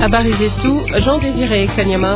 Habari zetu Jean Désiré Kanyama.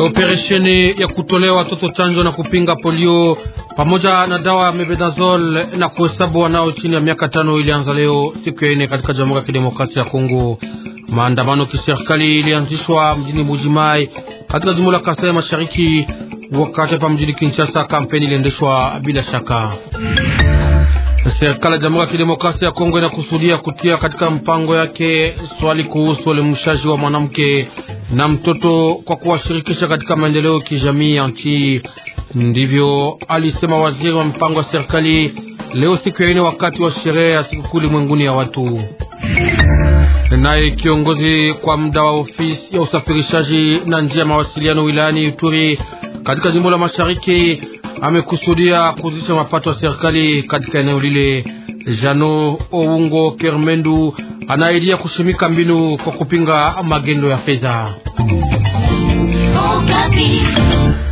Operesheni ya kutolewa watoto chanjo na kupinga polio pamoja na dawa ya mebendazole na kuhesabu wanao chini ya miaka tano ilianza leo siku ya ine katika Jamhuri ya Kidemokrasia ya Kongo. Maandamano kiserikali ilianzishwa mjini Mujimai katika jimbo la Kasai Mashariki wakati hapa mjini Kinshasa kampeni iliendeshwa bila shaka. Serikali ya Jamhuri ya Kidemokrasia ya Kongo inakusudia kutia katika mpango yake swali kuhusu uelimishaji wa mwanamke na mtoto kwa kuwashirikisha katika maendeleo kijamii ya nchi. Ndivyo alisema waziri wa mpango wa serikali leo siku ya ine, wakati wa sherehe ya sikukuu ulimwenguni ya watu. Naye kiongozi kwa muda wa ofisi ya usafirishaji na njia ya mawasiliano wilayani Ituri katika jimbo la mashariki amekusudia kuzidisha mapato ya serikali katika eneo lile. Jano Oungo Kermendu anaidia kushimika mbinu kwa kupinga magendo ya fedha.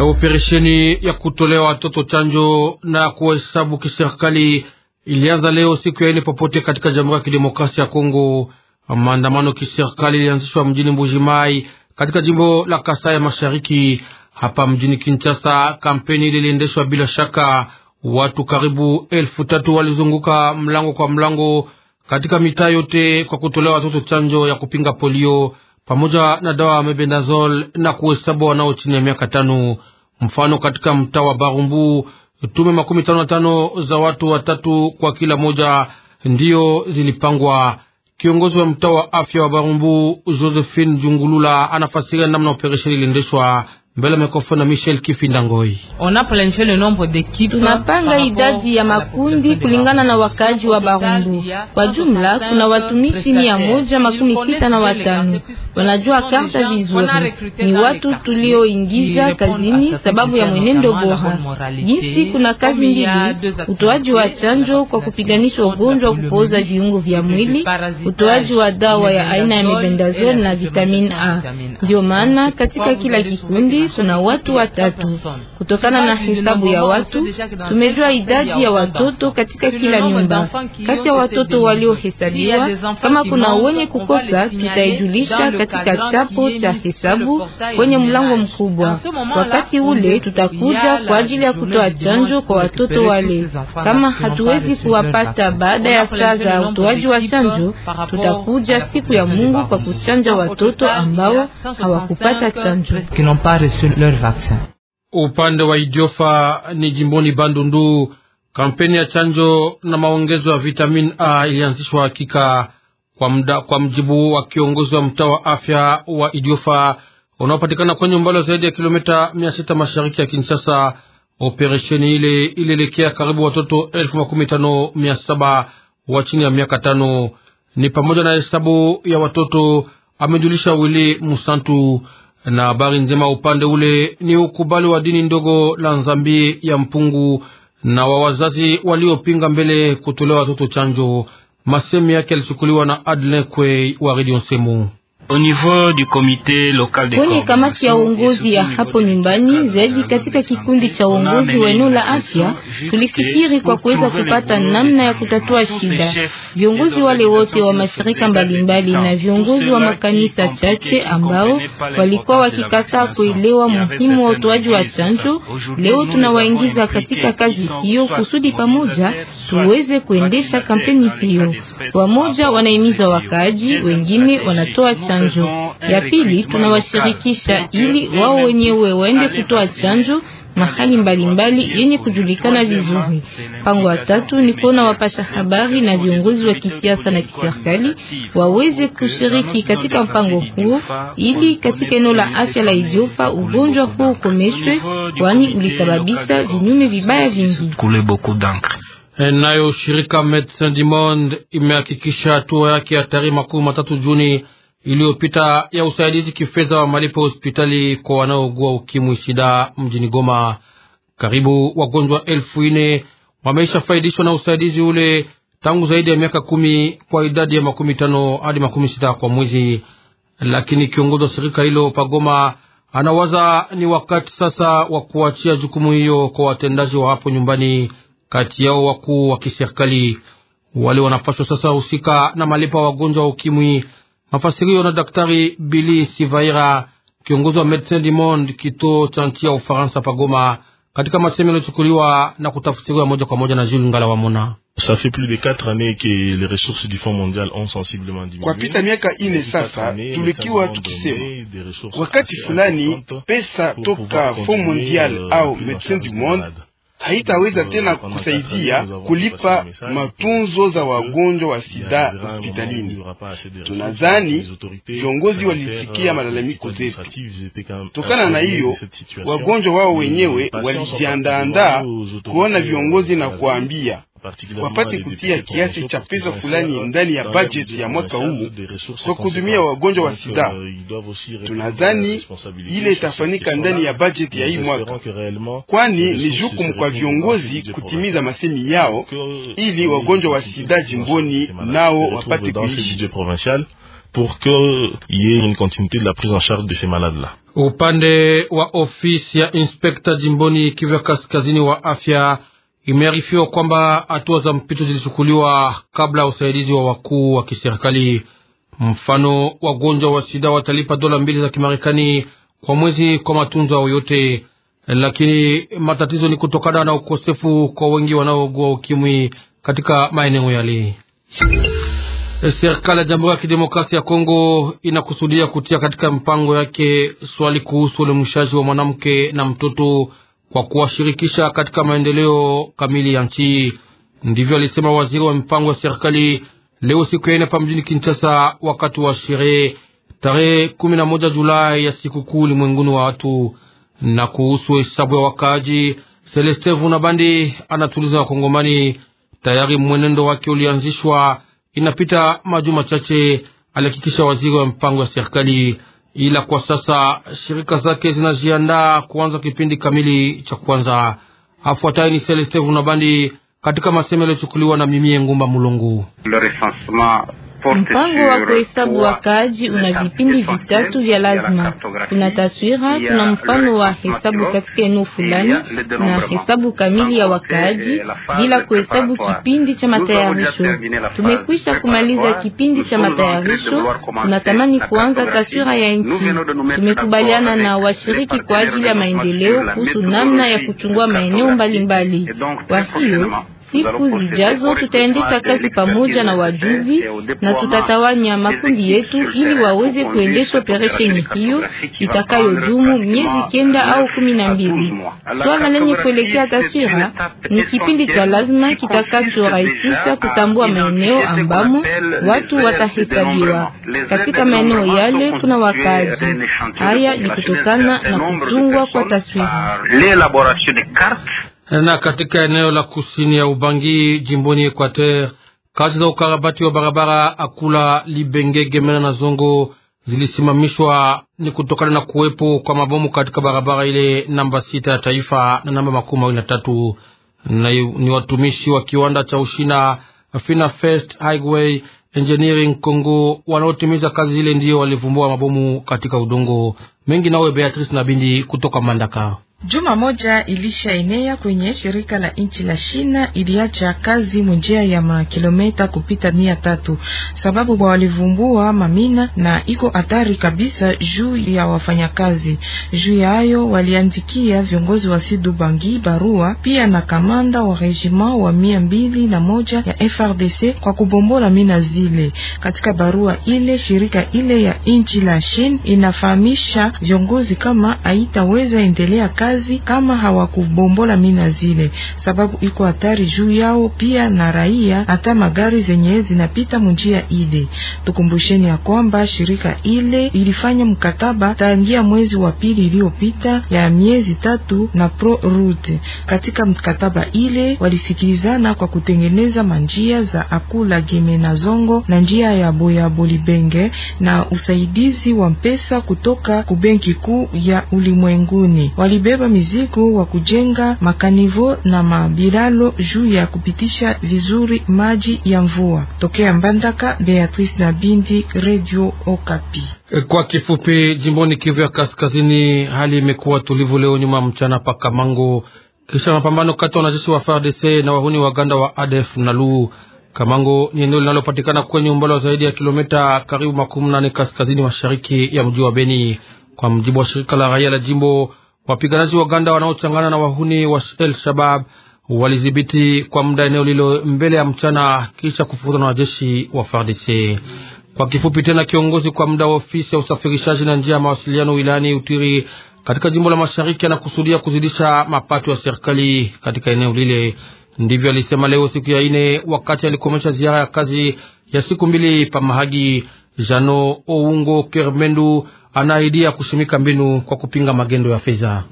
Operesheni ya kutolewa watoto chanjo na kuhesabu kiserikali ilianza leo siku ya ine popote katika Jamhuri ya Kidemokrasia ya Kongo. Maandamano kiserikali ilianzishwa mjini Mbujimai katika jimbo la Kasai ya Mashariki. Hapa mjini Kinshasa, kampeni liliendeshwa iliendeshwa bila shaka. Watu karibu elfu tatu walizunguka mlango kwa mlango katika mitaa yote kwa kutolewa watoto chanjo ya kupinga polio pamoja na dawa ya mebendazol na kuhesabu wanao chini ya miaka tano. Mfano, katika mtaa wa Barumbu tume makumi tano na tano za watu watatu kwa kila moja ndiyo zilipangwa. Kiongozi wa mtaa wa afya wa Barumbu Josephine Jungulula anafasiria namna operesheni iliendeshwa mbele mikrofoni na Michel Kifinda Ngoi. Tunapanga idadi ya makundi kulingana na wakaji wa Barundu. Kwa jumla kuna watumishi mia moja makumi sita na watano wanajua karta vizuri. Ni watu tulioingiza kazini sababu ya mwenendo bora. Jinsi kuna kazi mbili, utoaji wa chanjo kwa kupiganisha ugonjwa kupoza kupooza viungo vya mwili, utoaji wa dawa ya aina ya mebendazole na vitamini A. Ndio maana katika kila kikundi kuna watu watatu. Kutokana na hesabu ya watu, tumejua idadi ya watoto katika kila nyumba. Kati ya watoto waliohesabiwa, kama kuna wenye kukosa, tutaijulisha katika chapo cha hesabu kwenye mlango mkubwa. Wakati ule tutakuja kwa ajili ya kutoa chanjo kwa watoto wale. Kama hatuwezi kuwapata baada ya saa za utoaji wa chanjo, tutakuja siku ya Mungu kwa kuchanja watoto ambao hawakupata chanjo sur leur vaccin. Upande wa Idiofa ni jimboni Bandundu, kampeni ya chanjo na maongezo ya vitamini A ilianzishwa hakika kwa mda, kwa mjibu wa kiongozi wa mtaa wa afya wa Idiofa unaopatikana kwenye umbali zaidi ya kilomita mia sita mashariki ya Kinshasa. Operesheni ile ilielekea karibu watoto elfu makumi tano mia saba wa chini ya miaka tano, ni pamoja na hesabu ya watoto, amejulisha Wili Musantu na habari njema upande ule ni ukubali wa dini ndogo la Nzambi ya mpungu na wa wazazi waliopinga mbele kutolewa watoto chanjo. Masemi yake yalichukuliwa na Adlin Kwey wa Radio Nsemu. Kwenye kamati ya uongozi ya hapo nyumbani, zaidi katika kikundi cha uongozi wa eneo la afya, tulifikiri kwa kuweza kupata namna ya kutatua shida. Viongozi wale wote wa mashirika mbalimbali na viongozi wa makanisa chache ambao walikuwa wakikataa kuelewa muhimu wa utoaji wa chanjo, leo tunawaingiza katika kazi hiyo kusudi pamoja tuweze kuendesha kampeni hiyo. Wamoja wanaimiza wakaaji, wengine wanatoa chanjo chanjo. Ya pili, tunawashirikisha ili wao wenyewe waende kutoa chanjo mahali mbalimbali yenye kujulikana vizuri. Mpango wa tatu ni kuona wapasha habari na viongozi wa kisiasa na kiserikali waweze kushiriki katika mpango huo, ili katika eneo la afya la Idiofa ugonjwa huo ukomeshwe, kwani ulisababisha vinyume vibaya vingi. Nayo shirika Medecins du Monde imehakikisha hatua yake ya tarehe makumi matatu Juni iliyopita ya usaidizi kifedha wa malipo hospitali kwa wanaougua ukimwi sida mjini Goma. Karibu wagonjwa elfu nne wameisha faidishwa na usaidizi ule tangu zaidi ya miaka kumi kwa idadi ya makumi tano hadi makumi sita kwa mwezi. Lakini kiongozi wa shirika hilo pagoma anawaza ni wakati sasa wa kuachia jukumu hiyo kwa watendaji wa hapo nyumbani, kati yao wakuu wa kiserikali. Wale wanapaswa sasa husika na malipo ya wagonjwa wa ukimwi Mafasirio na Daktari billy Sivaira, kiongozi wa Medecins du Monde, kituo cha nchi ya Ufaransa pagoma, katika masemo yaliyochukuliwa na kutafsiriwa moja kwa moja na Jules Ngala Wamona. Ça fait plus de 4 années que les ressources du Fonds mondial ont sensiblement diminué. Kwa pita miaka ine sasa tulikiwa tukisema wakati fulani pesa toka Fonds mondial euh, au Medecins du Monde haitaweza tena kusaidia kulipa matunzo za wagonjwa wa sida hospitalini. Tunadhani viongozi walisikia euh, malalamiko zetu. Tokana na hiyo, wagonjwa wao wenyewe walijiandaandaa kuona viongozi na euh, kuambia wapate kutia kiasi cha pesa fulani ndani ya bajeti ya mwaka huu kwa kuhudumia wagonjwa wa sida. Euh, Tunadhani ile itafanyika ndani ya bajeti ya hii mwaka, kwani ni jukumu kwa viongozi kutimiza masemi yao euh, ili wagonjwa wa sida jimboni nao wapate kuishi pour qu'il y ait une continuité de la prise en charge de ces malades-là. Upande wa ofisi ya inspekta jimboni Kivu Kaskazini wa afya Imearifiwa kwamba hatua za mpito zilichukuliwa kabla ya usaidizi wa wakuu wa kiserikali. Mfano, wagonjwa wa sida watalipa dola mbili za Kimarekani kwa mwezi kwa matunzo yao yote, lakini matatizo ni kutokana na ukosefu kwa wengi wanaougua ukimwi katika maeneo yale. Serikali ya Jamhuri ya Kidemokrasia ya Kongo inakusudia kutia katika mpango yake swali kuhusu ulemshaji wa mwanamke na mtoto kwa kuwashirikisha katika maendeleo kamili ya nchi. Ndivyo alisema waziri wa mpango ya serikali leo siku ya ine pa mjini Kinshasa, wakati wa sherehe tarehe moja Julai ya sikukuu ulimwenguni wa watu. Na kuhusu hesabu ya wakaaji, Celeste vunabandi anatuliza Wakongomani, tayari mwenendo wake ulianzishwa, inapita maju machache alihakikisha waziri wa mpango ya serikali ila kwa sasa shirika zake zinajiandaa kuanza kipindi kamili cha kwanza. Afuatayo ni Celeste Vunabandi katika masemo yaliyochukuliwa na Mimie Ngumba Mulungu. Mpango wa kuhesabu wakaaji una vipindi vitatu vya lazima. Kuna taswira, kuna mfano wa hesabu katika eneo fulani na hesabu kamili ya wakaaji bila kuhesabu kipindi cha matayarisho. Tumekwisha kumaliza kipindi cha matayarisho, tunatamani kuanza taswira ya nchi. Tumekubaliana na washiriki kwa ajili ya maendeleo kuhusu namna ya kuchungua maeneo mbalimbali. Kwa hiyo Siku zijazo tutaendesha kazi pamoja na wajuzi na tutatawanya makundi yetu ili waweze kuendesha operesheni hiyo itakayodumu miezi kenda au kumi na mbili. Swala lenye kuelekea taswira ni kipindi cha lazima kitakachorahisisha kutambua maeneo ambamo watu watahesabiwa. Katika maeneo yale kuna wakazi. Haya ni kutokana na kutungwa kwa taswira na katika eneo la kusini ya Ubangi jimboni Equateur, kazi za ukarabati wa barabara Akula Libenge Gemena na Zongo zilisimamishwa ni kutokana na kuwepo kwa mabomu katika barabara ile namba sita ya taifa na namba makumi mawili na tatu na ni watumishi wa kiwanda cha Ushina Fina First Highway Engineering Congo wanaotimiza kazi ile ndiyo walivumbua mabomu katika udongo mengi. Nawe Beatrice Nabindi kutoka Mandaka. Juma moja ilishaenea kwenye shirika la nchi la China iliacha kazi mwenjia ya makilometa kupita mia tatu sababu wa walivumbua mamina na iko hatari kabisa juu ya wafanyakazi. Juu ya hayo waliandikia viongozi wa sidu bangi barua pia na kamanda wa rejima wa mia mbili na moja ya FRDC kwa kubombola mina zile. Katika barua ile shirika ile ya nchi la China inafahamisha viongozi kama haitaweza endelea kazi kazi kama hawakubombola mina zile, sababu iko hatari juu yao pia na raia, hata magari zenye zinapita munjia ile. Tukumbusheni ya kwamba shirika ile ilifanya mkataba tangia mwezi wa pili iliyopita ya miezi tatu na Pro Route. Katika mkataba ile walisikilizana kwa kutengeneza manjia za Akula Geme na Zongo na njia ya Boya Bolibenge na usaidizi wa mpesa kutoka kubenki kuu ya ulimwenguni Walibe kubeba mizigo wa kujenga makanivo na mabiralo juu ya kupitisha vizuri maji ya mvua. Tokea Mbandaka, Beatrice na Bindi, Radio Okapi. Kwa kifupi, jimboni Kivu ya Kaskazini, hali imekuwa tulivu leo nyuma mchana pa Kamango kisha mapambano kati ya wanajeshi wa FARDC na wahuni waganda wa ADF na lu Kamango ni eneo linalopatikana kwenye umbali wa zaidi ya kilomita karibu makumi nane kaskazini mashariki ya mji wa Beni, kwa mjibu wa shirika la raia la jimbo. Wapiganaji wa Uganda wanaochangana na wahuni wa El Shabab walidhibiti kwa muda eneo lilo mbele ya mchana kisha kufukuzwa na wajeshi wa FARDC. Kwa kifupi tena, kiongozi kwa muda wa ofisi ya usafirishaji na njia ya mawasiliano wilayani Utiri katika jimbo la Mashariki anakusudia kuzidisha mapato ya serikali katika eneo lile. Ndivyo alisema leo siku ya ine, wakati alikomesha ziara ya kazi ya siku mbili pa Mahagi Jano Oungo Kermendu ya kusimika mbinu kwa kupinga magendo ya fedha.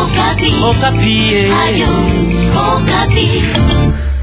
Okapi. Okapi. Eh.